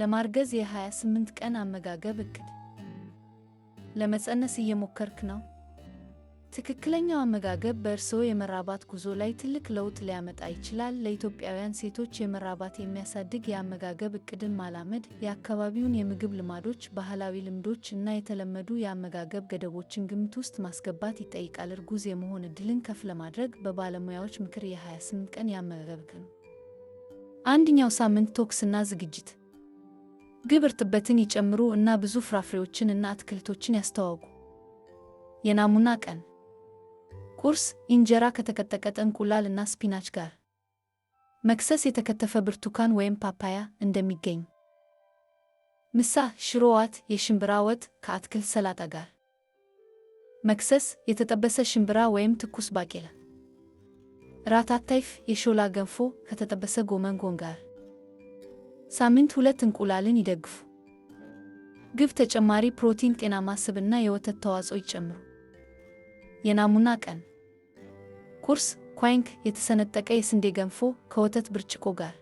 ለማርገዝ የ28 ቀን አመጋገብ እቅድ። ለመፀነስ እየሞከርክ ነው? ትክክለኛው አመጋገብ በእርስዎ የመራባት ጉዞ ላይ ትልቅ ለውጥ ሊያመጣ ይችላል። ለኢትዮጵያውያን ሴቶች የመራባት የሚያሳድግ የአመጋገብ እቅድን ማላመድ የአካባቢውን የምግብ ልማዶች፣ ባህላዊ ልምዶች እና የተለመዱ የአመጋገብ ገደቦችን ግምት ውስጥ ማስገባት ይጠይቃል። እርጉዝ የመሆን እድልን ከፍ ለማድረግ በባለሙያዎች ምክር የ28 ቀን የአመጋገብ እቅድ ነው። አንደኛው ሳምንት ቶክስና ዝግጅት ግብ እርጥበትን ይጨምሩ እና ብዙ ፍራፍሬዎችን እና አትክልቶችን ያስተዋውቁ። የናሙና ቀን ቁርስ እንጀራ ከተቀጠቀጠ እንቁላል እና ስፒናች ጋር። መክሰስ የተከተፈ ብርቱካን ወይም ፓፓያ እንደሚገኝ። ምሳ ሽሮ ዋት የሽምብራ ወጥ ከአትክልት ሰላጣ ጋር። መክሰስ የተጠበሰ ሽምብራ ወይም ትኩስ ባቄላ። ራት የሾላ ገንፎ ከተጠበሰ ጎመን ጎን ጋር። ሳምንት ሁለት እንቁላልን ይደግፉ። ግብ ተጨማሪ ፕሮቲን፣ ጤናማ ስብና የወተት ተዋጽኦ ይጨምሩ። የናሙና ቀን ቁርስ ኳይንክ የተሰነጠቀ የስንዴ ገንፎ ከወተት ብርጭቆ ጋር።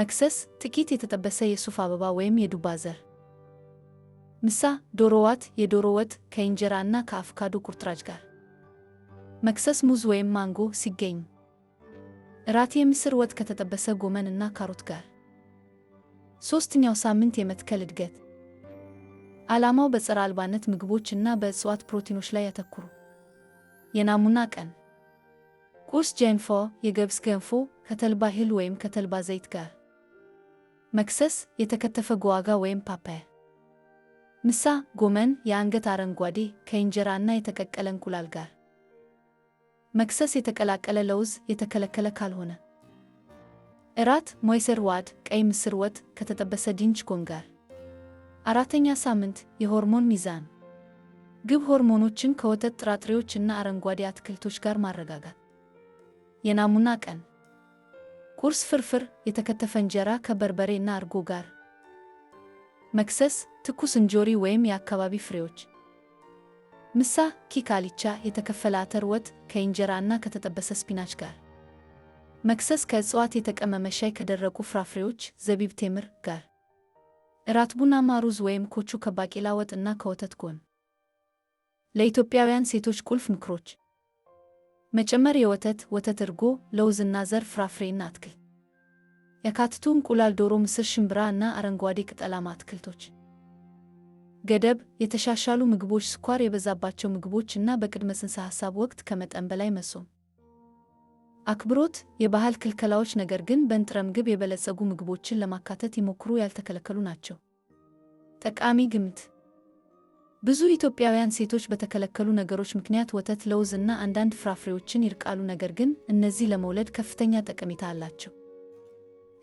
መክሰስ ጥቂት የተጠበሰ የሱፍ አበባ ወይም የዱባ ዘር። ምሳ ዶሮ ዋት የዶሮ ወጥ ከእንጀራ እና ከአቮካዶ ቁርጥራጭ ጋር። መክሰስ ሙዝ ወይም ማንጎ ሲገኝ። እራት የምስር ወጥ ከተጠበሰ ጎመን እና ካሮት ጋር። ሦስተኛው ሳምንት የመትከል እድገት ዓላማው በፀረ አልባነት ምግቦች እና በእጽዋት ፕሮቲኖች ላይ ያተኩሩ። የናሙና ቀን ቁስ ጀንፎ የገብስ ገንፎ ከተልባ እህል ወይም ከተልባ ዘይት ጋር። መክሰስ የተከተፈ ጉዋቫ ወይም ፓፓያ። ምሳ ጎመን፣ የአንገት አረንጓዴ ከእንጀራ እና የተቀቀለ እንቁላል ጋር። መክሰስ የተቀላቀለ ለውዝ የተከለከለ ካልሆነ እራት ሞይሰር ዋድ ቀይ ምስር ወጥ ከተጠበሰ ድንች ጎን ጋር። አራተኛ ሳምንት የሆርሞን ሚዛን ግብ ሆርሞኖችን ከወተት ጥራጥሬዎች እና አረንጓዴ አትክልቶች ጋር ማረጋጋት። የናሙና ቀን ቁርስ ፍርፍር፣ የተከተፈ እንጀራ ከበርበሬ እና እርጎ ጋር። መክሰስ ትኩስ እንጆሪ ወይም የአካባቢ ፍሬዎች። ምሳ ኪክ አልጫ፣ የተከፈለ አተር ወጥ ከእንጀራ እና ከተጠበሰ ስፒናች ጋር መክሰስ ከእጽዋት የተቀመመ ሻይ ከደረቁ ፍራፍሬዎች ዘቢብ፣ ቴምር ጋር። እራት ቡናማ ሩዝ ወይም ኮቹ ከባቄላ ወጥ እና ከወተት ጎን። ለኢትዮጵያውያን ሴቶች ቁልፍ ምክሮች መጨመር የወተት ወተት፣ እርጎ፣ ለውዝና ዘር ፍራፍሬና አትክልት ያካትቱ እንቁላል፣ ዶሮ፣ ምስር፣ ሽምብራ እና አረንጓዴ ቅጠላማ አትክልቶች። ገደብ የተሻሻሉ ምግቦች ስኳር የበዛባቸው ምግቦች እና በቅድመ ጽንሰ ሐሳብ ወቅት ከመጠን በላይ መሶም። አክብሮት የባህል ክልከላዎች ነገር ግን በንጥረ ምግብ የበለጸጉ ምግቦችን ለማካተት ይሞክሩ ያልተከለከሉ ናቸው። ጠቃሚ ግምት ብዙ ኢትዮጵያውያን ሴቶች በተከለከሉ ነገሮች ምክንያት ወተት፣ ለውዝ እና አንዳንድ ፍራፍሬዎችን ይርቃሉ፣ ነገር ግን እነዚህ ለመውለድ ከፍተኛ ጠቀሜታ አላቸው።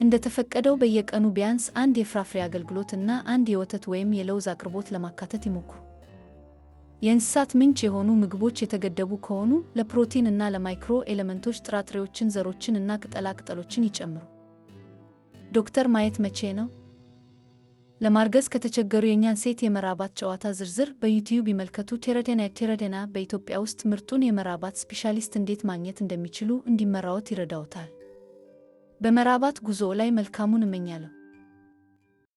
እንደተፈቀደው በየቀኑ ቢያንስ አንድ የፍራፍሬ አገልግሎት እና አንድ የወተት ወይም የለውዝ አቅርቦት ለማካተት ይሞክሩ። የእንስሳት ምንጭ የሆኑ ምግቦች የተገደቡ ከሆኑ ለፕሮቲን እና ለማይክሮ ኤሌመንቶች ጥራጥሬዎችን፣ ዘሮችን እና ቅጠላ ቅጠሎችን ይጨምሩ። ዶክተር ማየት መቼ ነው? ለማርገዝ ከተቸገሩ የእኛን ሴት የመራባት ጨዋታ ዝርዝር በዩቲዩብ ይመልከቱ። ቴራዴና ቴረደና በኢትዮጵያ ውስጥ ምርጡን የመራባት ስፔሻሊስት እንዴት ማግኘት እንደሚችሉ እንዲመራዎት ይረዳውታል በመራባት ጉዞ ላይ መልካሙን እመኛለሁ።